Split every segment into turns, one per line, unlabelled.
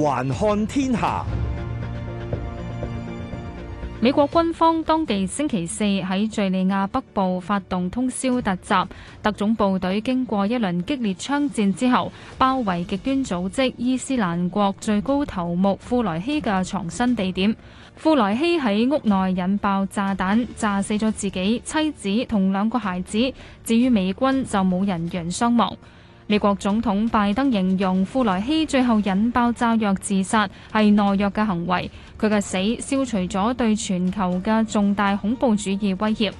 環看天下。美國軍方當地星期四喺敘利亞北部發動通宵突襲，特種部隊經過一輪激烈槍戰之後，包圍極端組織伊斯蘭國最高頭目庫萊希嘅藏身地點。庫萊希喺屋內引爆炸彈，炸死咗自己，妻子同兩個孩子。至於美軍，就冇人員傷亡。美國總統拜登形容庫萊希最後引爆炸藥自殺係懦弱嘅行為，佢嘅死消除咗對全球嘅重大恐怖主義威脅。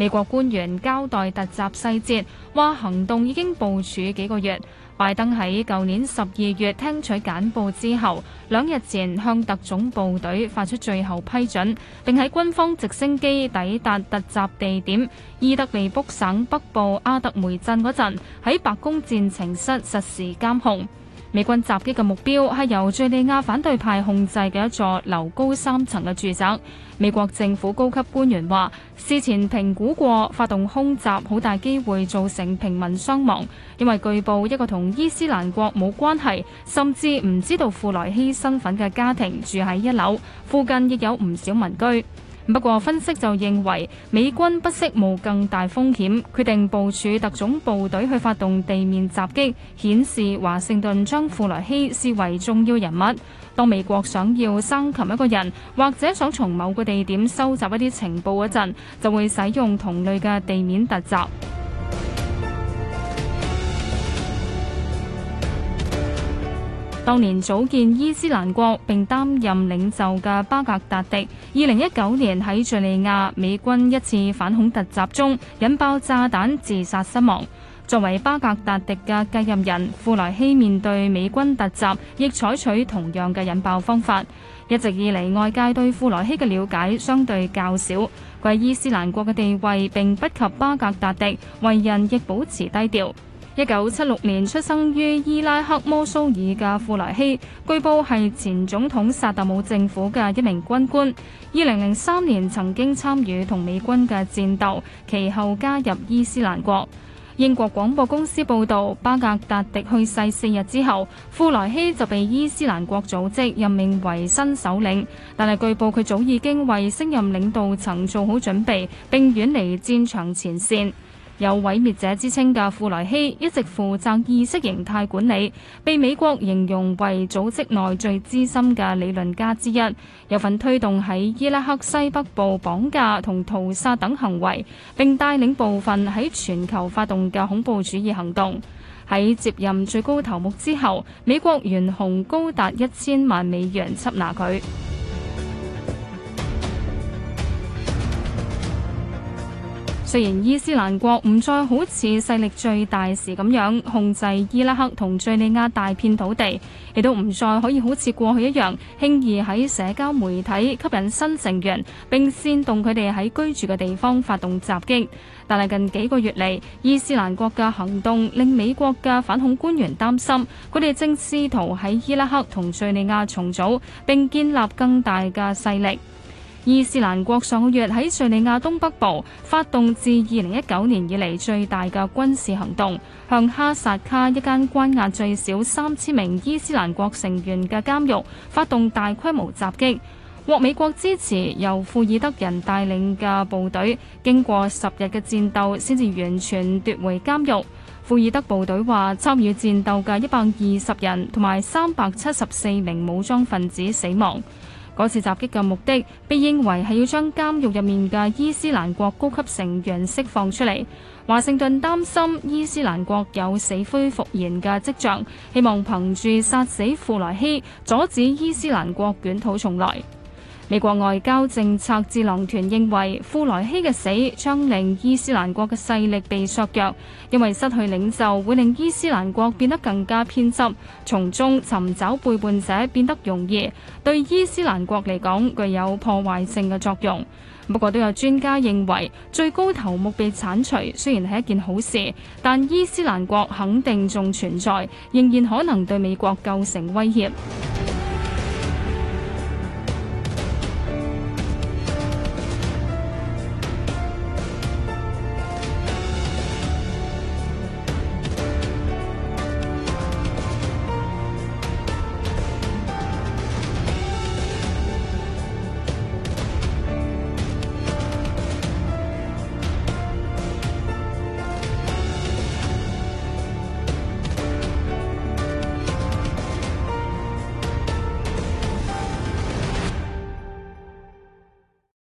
美國官員交代突襲細節，話行動已經部署幾個月。拜登喺舊年十二月聽取簡報之後，兩日前向特種部隊發出最後批准，並喺軍方直升機抵達突襲地點——伊德利卜省北部阿特梅鎮嗰陣，喺白宮戰情室實時監控。美軍襲擊嘅目標係由敘利亞反對派控制嘅一座樓高三層嘅住宅。美國政府高級官員話，事前評估過發動空襲好大機會造成平民傷亡，因為據報一個同伊斯蘭國冇關係，甚至唔知道庫萊希身份嘅家庭住喺一樓，附近亦有唔少民居。不過分析就認為，美軍不惜冒更大風險，決定部署特種部隊去發動地面襲擊，顯示華盛頓將庫萊希視為重要人物。當美國想要生擒一個人，或者想從某個地點收集一啲情報嗰陣，就會使用同類嘅地面突襲。當年組建伊斯蘭國並擔任領袖嘅巴格達迪，二零一九年喺敘利亞美軍一次反恐突襲中引爆炸彈自殺身亡。作為巴格達迪嘅繼任人，庫萊希面對美軍突襲，亦採取同樣嘅引爆方法。一直以嚟，外界對庫萊希嘅了解相對較少，佢喺伊斯蘭國嘅地位並不及巴格達迪，為人亦保持低調。一九七六年出生於伊拉克摩蘇爾嘅庫萊希，據報係前總統薩達姆政府嘅一名軍官。二零零三年曾經參與同美軍嘅戰鬥，其後加入伊斯蘭國。英國廣播公司報道，巴格達迪去世四日之後，庫萊希就被伊斯蘭國組織任命為新首領，但係據報佢早已經為升任領導層做好準備，並遠離戰場前線。有毀滅者之稱嘅庫萊希一直負責意識形態管理，被美國形容為組織內最資深嘅理論家之一，有份推動喺伊拉克西北部綁架同屠殺等行為，並帶領部分喺全球發動嘅恐怖主義行動。喺接任最高頭目之後，美國懸紅高達一千萬美元緝拿佢。雖然伊斯蘭國唔再好似勢力最大時咁樣控制伊拉克同敘利亞大片土地，亦都唔再可以好似過去一樣輕易喺社交媒體吸引新成員，並煽動佢哋喺居住嘅地方發動襲擊。但係近幾個月嚟，伊斯蘭國嘅行動令美國嘅反恐官員擔心，佢哋正試圖喺伊拉克同敘利亞重組，並建立更大嘅勢力。伊斯蘭國上個月喺敘利亞東北部發動自二零一九年以嚟最大嘅軍事行動，向哈薩卡一間關押最少三千名伊斯蘭國成員嘅監獄發動大規模襲擊。獲美國支持由庫爾德人帶領嘅部隊，經過十日嘅戰鬥先至完全奪回監獄。庫爾德部隊話，參與戰鬥嘅一百二十人同埋三百七十四名武裝分子死亡。嗰次襲擊嘅目的被認為係要將監獄入面嘅伊斯蘭國高級成員釋放出嚟。華盛頓擔心伊斯蘭國有死灰復燃嘅跡象，希望憑住殺死庫萊希，阻止伊斯蘭國捲土重來。美國外交政策智囊團認為，庫萊希嘅死將令伊斯蘭國嘅勢力被削弱，因為失去領袖會令伊斯蘭國變得更加偏執，從中尋找背叛者變得容易，對伊斯蘭國嚟講具有破壞性嘅作用。不過，都有專家認為，最高頭目被剷除雖然係一件好事，但伊斯蘭國肯定仲存在，仍然可能對美國構成威脅。